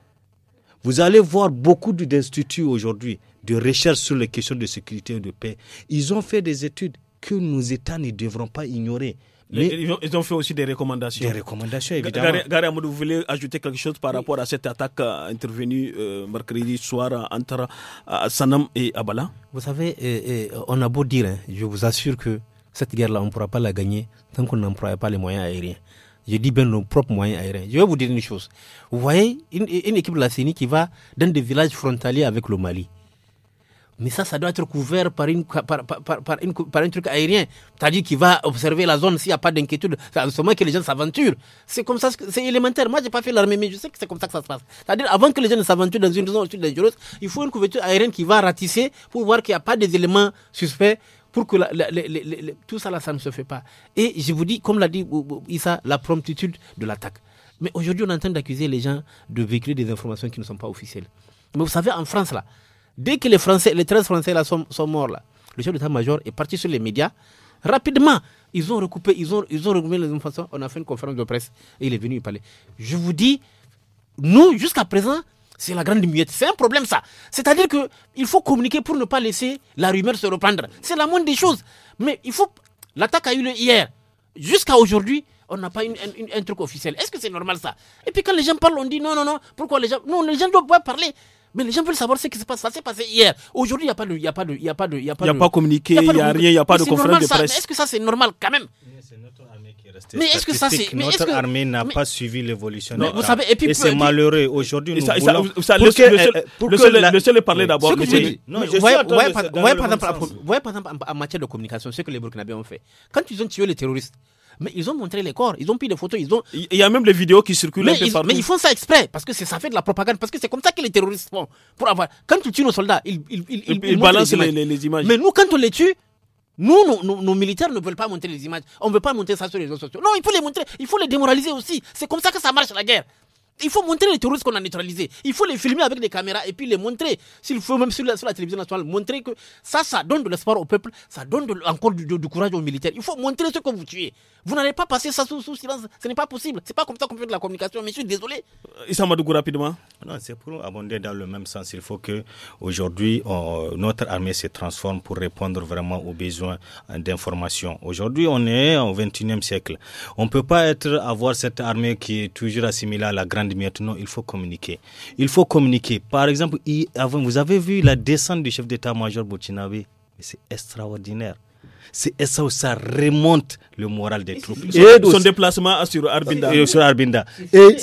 Speaker 2: vous allez voir beaucoup d'instituts aujourd'hui de recherche sur les questions de sécurité et de paix. Ils ont fait des études que nos États ne devront pas ignorer ils ont fait aussi des recommandations. Des recommandations, évidemment.
Speaker 1: Gare, vous voulez ajouter quelque chose par rapport à cette attaque euh, intervenue euh, mercredi soir entre euh, Sanam et Abala
Speaker 3: Vous savez, on a beau dire, hein, je vous assure que cette guerre-là, on ne pourra pas la gagner tant qu'on n'emploie pas les moyens aériens. Je dis bien nos propres moyens aériens. Je vais vous dire une chose. Vous voyez une, une équipe de la CENI qui va dans des villages frontaliers avec le Mali. Mais ça, ça doit être couvert par, une, par, un truc aérien. C'est-à-dire qu'il va observer la zone s'il n'y a pas d'inquiétude. C'est en ce moment que les gens s'aventurent. C'est comme ça, c'est élémentaire. Moi, je n'ai pas fait l'armée, mais je sais que c'est comme ça que ça se passe. C'est-à-dire, avant que les ne s'aventurent dans une zone dangereuse, il faut une couverture aérienne qui va ratisser pour voir qu'il n'y a pas des éléments suspects pour que tout ça, là, ça ne se fait pas. Et je vous dis, comme l'a dit Issa, la promptitude de l'attaque. Mais aujourd'hui, on est en train d'accuser les gens de véhiculer des informations qui ne sont pas officielles. Mais vous savez, en France, là, Dès que les Français, les 13 Français là sont, morts là, le chef d'état-major est parti sur les médias. Rapidement, ils ont recoupé, ils ont, ils ont regroupé les informations. On a fait une conférence de presse et il est venu y parler. Je vous dis, nous, jusqu'à présent, c'est la grande muette. C'est un problème, ça. C'est-à-dire que il faut communiquer pour ne pas laisser la rumeur se reprendre. C'est la moindre des choses. Mais il faut. L'attaque a eu lieu hier. Jusqu'à aujourd'hui, on n'a pas eu un truc officiel. Est-ce que c'est normal, ça Et puis quand les gens parlent, on dit non, non, non. Pourquoi les gens. Non, les gens doivent pouvoir parler. Mais les gens veulent savoir ce qui se passe. Ça s'est passé hier. Aujourd'hui, il n'y a pas de, il n'y a pas de, il y a pas de, y a
Speaker 1: pas de. a pas communiqué, il n'y a, rien, il n'y a pas
Speaker 2: de conférence de presse. Est-ce
Speaker 3: que ça c'est normal quand même? C'est notre armée qui Mais est-ce que ça c'est Notre que... armée n'a pas suivi l'évolution. Vous savez, et puis c'est malheureux aujourd'hui. Nous voulons. Le seul parler d'abord. Non, Voyez par exemple, en matière de communication, ce que les Burkinabés ont fait. Quand ils ont tué les terroristes mais ils ont montré les corps, ils ont pris des photos, ils ont. Il
Speaker 1: y a même les vidéos qui circulent mais, ils, mais ils
Speaker 3: font ça exprès, parce que ça fait de la propagande, parce que c'est comme ça que les terroristes font. Pour avoir... Quand tu tues nos soldats, ils, ils, balancent les, images. Mais nous, quand on les tue, nous, nos, nos, militaires ne veulent pas montrer les images. On ne veut pas montrer ça sur les réseaux sociaux. Non, il faut les montrer. Il faut les démoraliser aussi. C'est comme ça que ça marche la guerre. Il faut montrer les terroristes qu'on a neutralisés. Il faut les filmer avec des caméras et puis les montrer. S'il faut même sur la, télévision nationale, montrer que ça, ça donne de l'espoir au peuple, ça donne encore du, courage aux militaires. Il faut montrer ce que vous tuez. Vous n'allez pas passer ça sous, silence. Ce n'est pas possible. C'est pas comme ça qu'on fait de la communication. Mais je suis désolé.
Speaker 2: Euh, Issa rapidement. Non, c'est pour abonder dans le même sens. Il faut que aujourd'hui notre armée se transforme pour répondre vraiment aux besoins hein, d'information. Aujourd'hui, on est au 21e siècle. On ne peut pas être avoir cette armée qui est toujours assimilée à la grande maintenant, il faut communiquer. Il faut communiquer. Par exemple, avant, vous avez vu la descente du chef d'état-major Burkinabé. C'est extraordinaire. C'est ça où ça remonte le moral des troupes. Et son,
Speaker 1: déplacement sur Arbinda.
Speaker 2: Et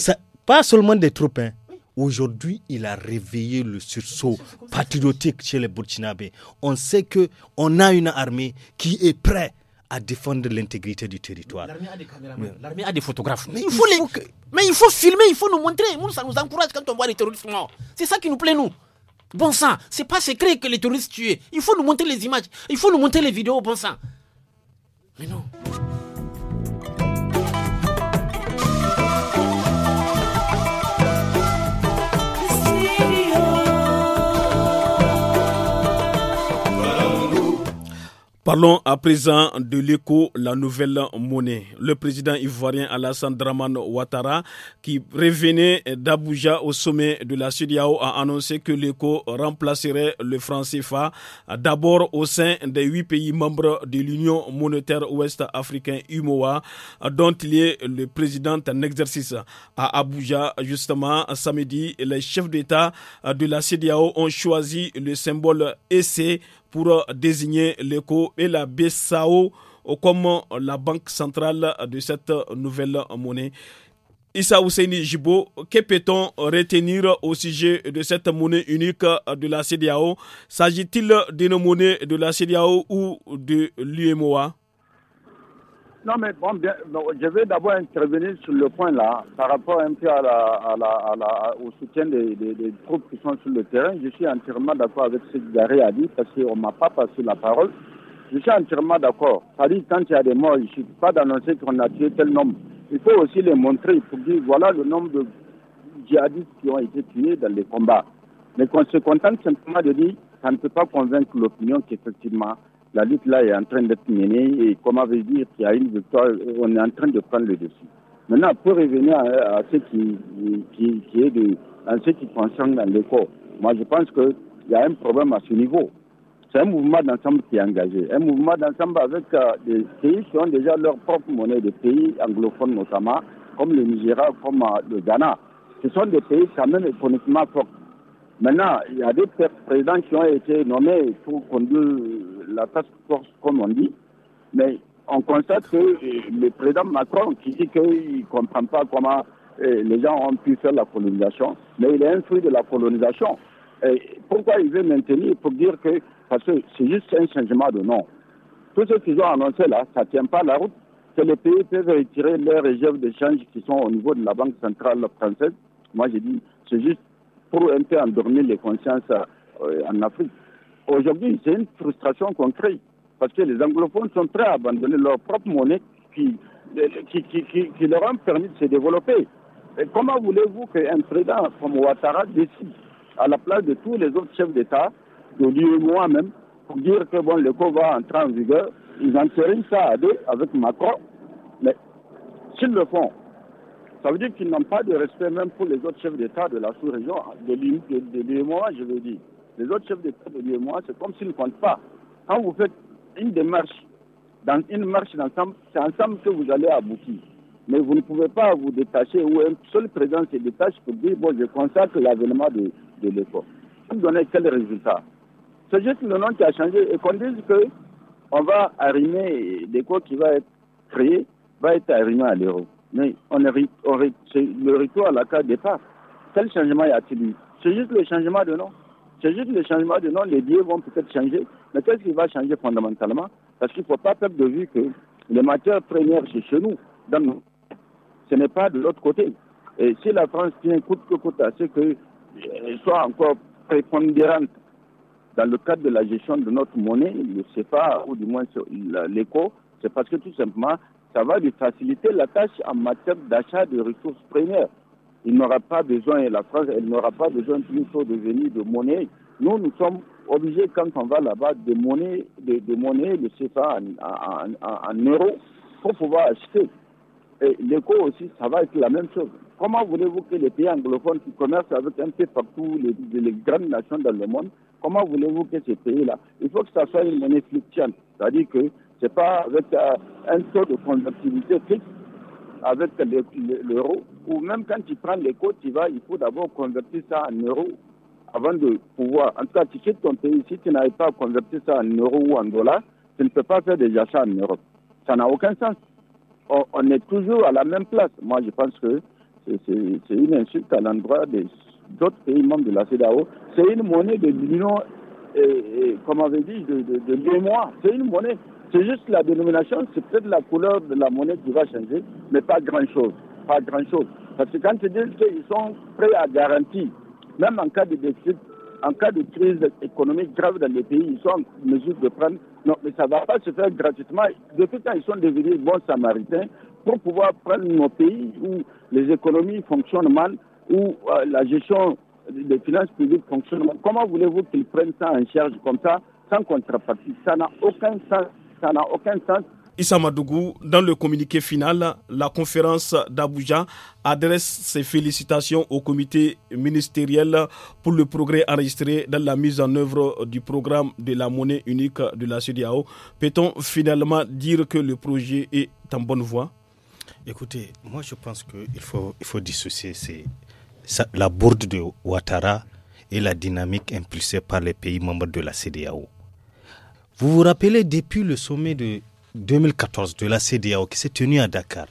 Speaker 2: pas seulement des troupes. Hein. Aujourd'hui, il a réveillé le sursaut patriotique chez les Burkinabés. On sait que on a une armée qui est prête à défendre l'intégrité du territoire. L'armée
Speaker 3: a des caméras, l'armée a des photographes. Mais il, faut, filmer, il faut nous montrer. ça nous encourage quand on voit les terroristes morts. C'est ça qui nous plaît, nous. Bon sang, c'est pas secret que les terroristes tués. Il faut nous montrer les images, il faut nous montrer les vidéos, bon sang. Mais non.
Speaker 1: Parlons à présent de l'écho, la nouvelle monnaie. Le président ivoirien Alassane Draman Ouattara, qui revenait d'Abuja au sommet de la CEDEAO, a annoncé que l'écho remplacerait le franc CFA, d'abord au sein des huit pays membres de l'Union monétaire ouest-africaine UMOA, dont il est le président en exercice. À Abuja, justement, samedi, les chefs d'État de la CEDEAO ont choisi le symbole EC pour désigner l'ECO et la BSAO comme la banque centrale de cette nouvelle monnaie. Issa Jibo, que peut-on retenir au sujet de cette monnaie unique de la CDAO S'agit-il d'une monnaie de la CDAO ou de l'UMOA
Speaker 4: non, mais bon, je vais d'abord intervenir sur le point là, par rapport un peu au soutien des, troupes qui sont sur le terrain. Je suis entièrement d'accord avec ce que Gary a dit, parce qu'on ne m'a pas passé la parole. Je suis entièrement d'accord. C'est-à-dire, quand il y a des morts, il ne suffit pas d'annoncer qu'on a tué tel nombre. Il faut aussi les montrer il faut dire voilà le nombre de djihadistes qui ont été tués dans les combats. Mais qu'on se contente simplement de dire ça ne peut pas convaincre l'opinion qu'effectivement, la lutte là est en train d'être menée et comme avait dire, qu'il y a une victoire, on est en train de prendre le dessus. Maintenant, pour revenir à, à ce qui, qui, qui, est de, à ce qui concerne le moi je pense qu'il y a un problème à ce niveau. C'est un mouvement d'ensemble qui est engagé, un mouvement d'ensemble avec euh, des pays qui ont déjà leur propre monnaie, des pays anglophones notamment, comme le Nigeria, comme euh, le Ghana. Ce sont des pays quand même économiquement forts. Maintenant, il y a des présidents qui ont été nommés pour conduire la task force, comme on dit, mais on constate que euh, le président Macron, qui dit qu'il ne comprend pas comment euh, les gens ont pu faire la colonisation, mais il est un fruit de la colonisation. pourquoi il veut maintenir Pour dire que, parce que c'est juste un changement de nom. Tout ce qu'ils ont annoncé là, ça ne tient pas la route. Que les pays peuvent retirer leurs réserves d'échange qui sont au niveau de la Banque centrale française. Moi, j'ai dit, c'est juste pour un peu endormir les consciences euh, en Afrique. Aujourd'hui, c'est une frustration qu'on crée parce que les anglophones sont prêts à abandonner leur propre monnaie qui, qui, leur ont permis de se développer. Et comment voulez-vous qu'un président comme Ouattara décide à la place de tous les autres chefs d'État, de lui moi-même, pour dire que bon, le co va entrer en vigueur, ils en seraient ça à avec Macron. Mais s'ils le font, ça veut dire qu'ils n'ont pas de respect même pour les autres chefs d'État de la sous-région, de l'UMOA, je veux dire. Les autres chefs d'État de l'UMOA, c'est comme s'ils ne comptent pas. Quand vous faites une démarche, dans une marche d'ensemble, c'est ensemble que vous allez aboutir. Mais vous ne pouvez pas vous détacher ou un seul président se détache pour dire, bon, je consacre l'avènement de, de l'école. Vous donnez quel résultat C'est juste le nom qui a changé et qu'on dise qu'on va arrimer l'école qui va être créé, va être arrimée à l'euro. Mais on, le retour à la carte départ, quel changement y a-t-il C'est juste le changement de nom. C'est juste le changement de nom. Les dieux vont peut-être changer. Mais qu'est-ce qui va changer fondamentalement Parce qu'il ne faut pas perdre de vue que les matières premières, c'est chez nous, dans nous. Ce n'est pas de l'autre côté. Et si la France tient coûte que coûte à ce qu'elle euh, soit encore prépondérante dans le cadre de la gestion de notre monnaie, le pas, ou du moins l'écho, c'est parce que tout simplement, ça va lui faciliter la tâche en matière d'achat de ressources premières. Il n'aura pas besoin, et la France, elle n'aura pas besoin plutôt de venir de monnaie. Nous, nous sommes obligés, quand on va là-bas, de monnaie, de, de monnaie CFA en, en, euros pour pouvoir acheter. Et l'éco aussi, ça va être la même chose. Comment voulez-vous que les pays anglophones qui commercent avec un peu partout les, grandes nations dans le monde, comment voulez-vous que ces pays-là Il faut que ça soit une monnaie fluctuante. C'est-à-dire que c'est pas avec euh, un taux de convertibilité fixe avec l'euro, ou même quand tu prends les côtes, tu vas, il faut d'abord convertir ça en euros avant de pouvoir. En tout cas, tu quittes ton pays, si tu n'arrives pas à convertir ça en euros ou en dollars, tu ne peux pas faire des achats en Europe. Ça n'a aucun sens. On, est toujours à la même place. Moi, je pense que c'est une insulte à l'endroit des d'autres pays membres de la CEDAO. C'est une monnaie de l'Union, et, comme avait dit, de, deux mois C'est une monnaie. C'est juste la dénomination, c'est peut-être la couleur de la monnaie qui va changer, mais pas grand-chose. Pas grand-chose. Parce que quand ils disent qu'ils sont prêts à garantir, même en cas de déficit, en cas de crise économique grave dans les pays, ils sont en mesure de prendre. Non, mais ça ne va pas se faire gratuitement. Depuis quand ils sont devenus bons samaritains pour pouvoir prendre nos pays où les économies fonctionnent mal, où euh, la gestion des finances publiques fonctionne mal. Comment voulez-vous qu'ils prennent ça en charge comme ça, sans contrepartie Ça n'a aucun sens ça n'a aucun sens.
Speaker 1: Issa Madougou, dans le communiqué final, la conférence d'Abuja adresse ses félicitations au comité ministériel pour le progrès enregistré dans la mise en œuvre du programme de la monnaie unique de la CDAO. Peut-on finalement dire que le projet est en bonne voie Écoutez, moi je pense qu'il faut,
Speaker 2: il faut dissocier la bourde de Ouattara et la dynamique impulsée par les pays membres de la CDAO. Vous vous rappelez, depuis le sommet de 2014 de la CDAO qui s'est tenu à Dakar,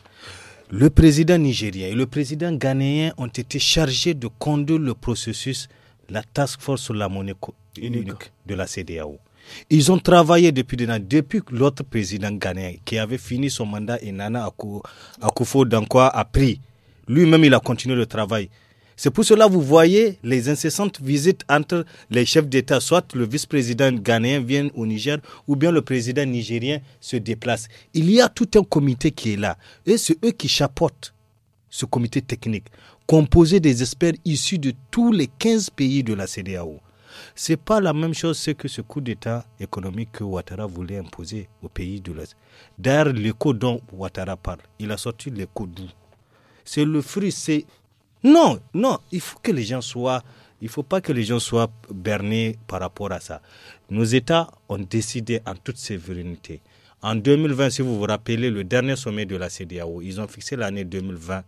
Speaker 2: le président nigérien et le président ghanéen ont été chargés de conduire le processus, la task force sur la monnaie unique de la CDAO. Ils ont travaillé depuis depuis que l'autre président ghanéen qui avait fini son mandat et Nana Akufo-Dankwa a pris. Lui-même, il a continué le travail. C'est pour cela que vous voyez les incessantes visites entre les chefs d'État, soit le vice-président ghanéen vient au Niger, ou bien le président nigérien se déplace. Il y a tout un comité qui est là, et c'est eux qui chapeautent ce comité technique, composé des experts issus de tous les 15 pays de la CDAO. Ce n'est pas la même chose que ce coup d'État économique que Ouattara voulait imposer au pays de l'Est. D'ailleurs, l'écho dont Ouattara parle, il a sorti l'écho d'où C'est le fruit, c'est non, non, il faut que les gens soient, il faut pas que les gens soient bernés par rapport à ça. Nos États ont décidé en toute sévérité. En 2020, si vous vous rappelez, le dernier sommet de la CDAO, ils ont fixé l'année 2020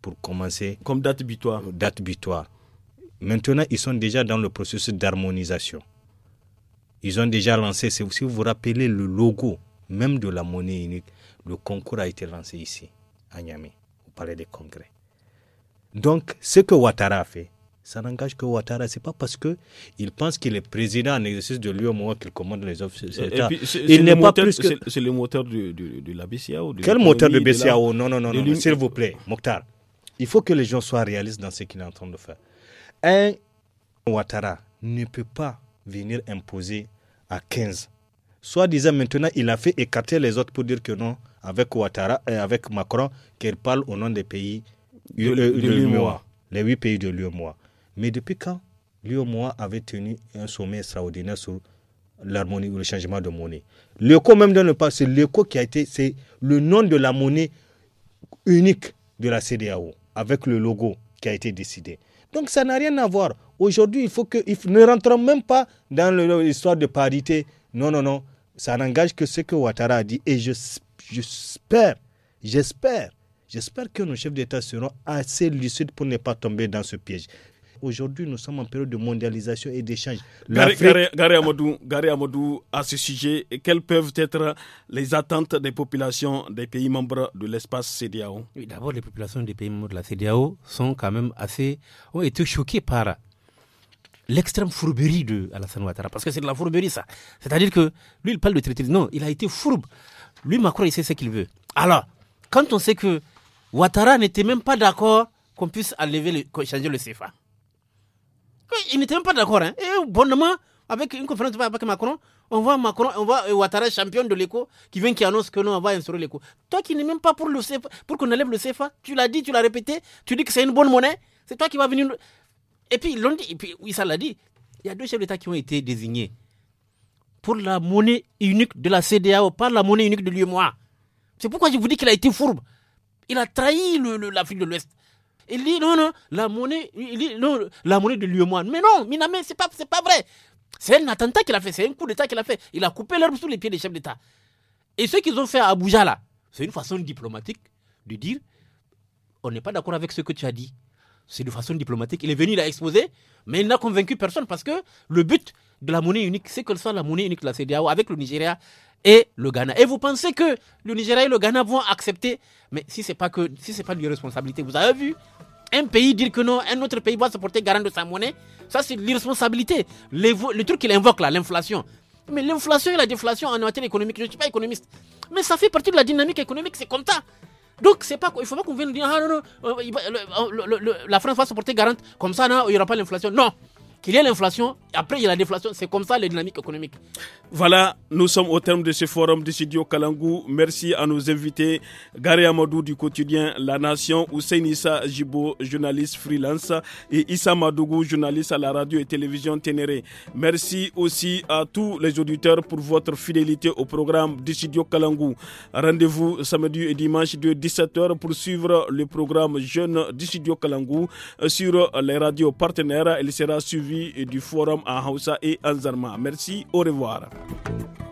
Speaker 2: pour commencer. Comme date butoir. Date butoir. Maintenant, ils sont déjà dans le processus d'harmonisation. Ils ont déjà lancé, si vous vous rappelez, le logo même de la monnaie unique. Le concours a été lancé ici, à Niamey, au palais des congrès. Donc, ce que Ouattara fait, ça n'engage que Ouattara. C'est pas parce que il pense qu'il est président en exercice de lui au moment qu'il commande les offres. Il n'est pas C'est
Speaker 1: le moteur de, la BCAO. De Quel moteur de BCAO Non, non, non, non s'il
Speaker 2: vous plaît, Mokhtar. Il faut que les gens soient réalistes dans ce qu'il est en train de faire. Un Ouattara ne peut pas venir imposer à 15. Soit disant maintenant, il a fait écarter les autres pour dire que non, avec Ouattara, et euh, avec Macron, qu'il parle au nom des pays les huit pays de l'UMOA. Mais depuis quand l'UMOA avait tenu un sommet extraordinaire sur l'harmonie ou le changement de monnaie Leco, même dans le passé, c'est qui a été, c'est le nom de la monnaie unique de la CDAO, avec le logo qui a été décidé. Donc ça n'a rien à voir. Aujourd'hui, il faut que, il ne rentre même pas dans l'histoire de parité. Non, non, non. Ça n'engage que ce que Ouattara a dit. Et j'espère, j'espère J'espère que nos chefs d'État seront assez lucides pour ne pas tomber dans ce piège. Aujourd'hui, nous sommes en période de mondialisation et
Speaker 3: d'échange.
Speaker 1: Gary Amadou, à ce sujet, quelles peuvent être les attentes des populations des pays membres de l'espace CDAO
Speaker 3: D'abord, les populations des pays membres de la CDAO sont quand même assez. ont été choquées par l'extrême fourberie de Alassane Ouattara. Parce que c'est de la fourberie, ça. C'est-à-dire que lui, il parle de traité. Non, il a été fourbe. Lui, Macron, il sait ce qu'il veut. Alors, quand on sait que Ouattara n'était même pas d'accord qu'on puisse enlever le, changer le CFA. Il n'était même pas d'accord. Hein. Et bonnement, avec une conférence avec Macron, on voit Macron, on voit euh, Ouattara champion de l'écho qui vient qui annonce que non, on va instaurer l'écho. Toi qui n'es même pas pour le pour qu'on enlève le CFA, tu l'as dit, tu l'as répété, tu dis que c'est une bonne monnaie, c'est toi qui vas venir. Et puis ils dit, et puis oui, ça l'a dit. Il y a deux chefs d'État qui ont été désignés pour la monnaie unique de la CDAO, pas la monnaie unique de l'UMOA. C'est pourquoi je vous dis qu'il a été fourbe. Il a trahi l'Afrique de l'Ouest. Il dit non, non, la monnaie, il dit, non, la monnaie de l'UEMOAN. Mais non, Minamé, c'est pas, pas vrai. C'est un attentat qu'il a fait, c'est un coup d'État qu'il a fait. Il a coupé l'herbe sous les pieds des chefs d'État. Et ce qu'ils ont fait à Abuja, là, c'est une façon diplomatique de dire on n'est pas d'accord avec ce que tu as dit. C'est une façon diplomatique. Il est venu, il a mais il n'a convaincu personne parce que le but de la monnaie unique, c'est que soit la monnaie unique la CDAO avec le Nigeria et le Ghana. Et vous pensez que le Nigeria et le Ghana vont accepter Mais si c'est pas que si c'est pas de l'irresponsabilité, vous avez vu un pays dire que non, un autre pays va se porter garant de sa monnaie, ça c'est l'irresponsabilité. Le, truc qu'il invoque là, l'inflation. Mais l'inflation et la déflation en matière économique, je ne suis pas économiste, mais ça fait partie de la dynamique économique, c'est comme ça. Donc, c'est pas, il ne faut pas qu'on vienne dire, ah non, non, euh, euh, la France va se porter garante, comme ça, non, il n'y aura pas l'inflation. Non, qu'il y ait l'inflation, après il y a la déflation, c'est comme ça les dynamiques économique.
Speaker 1: Voilà, nous sommes au terme de ce forum de Studio Kalangou. Merci à nos invités, Gary Amadou du quotidien La Nation, Hussein Issa Jibo, journaliste freelance, et Issa Madougou, journaliste à la radio et télévision Ténéré. Merci aussi à tous les auditeurs pour votre fidélité au programme de Studio Kalangou. Rendez-vous samedi et dimanche de 17h pour suivre le programme Jeune de Studio Kalangou euh, sur les radios partenaires. Il sera suivi du forum à Hausa et Anzarma. Merci, au revoir. thank you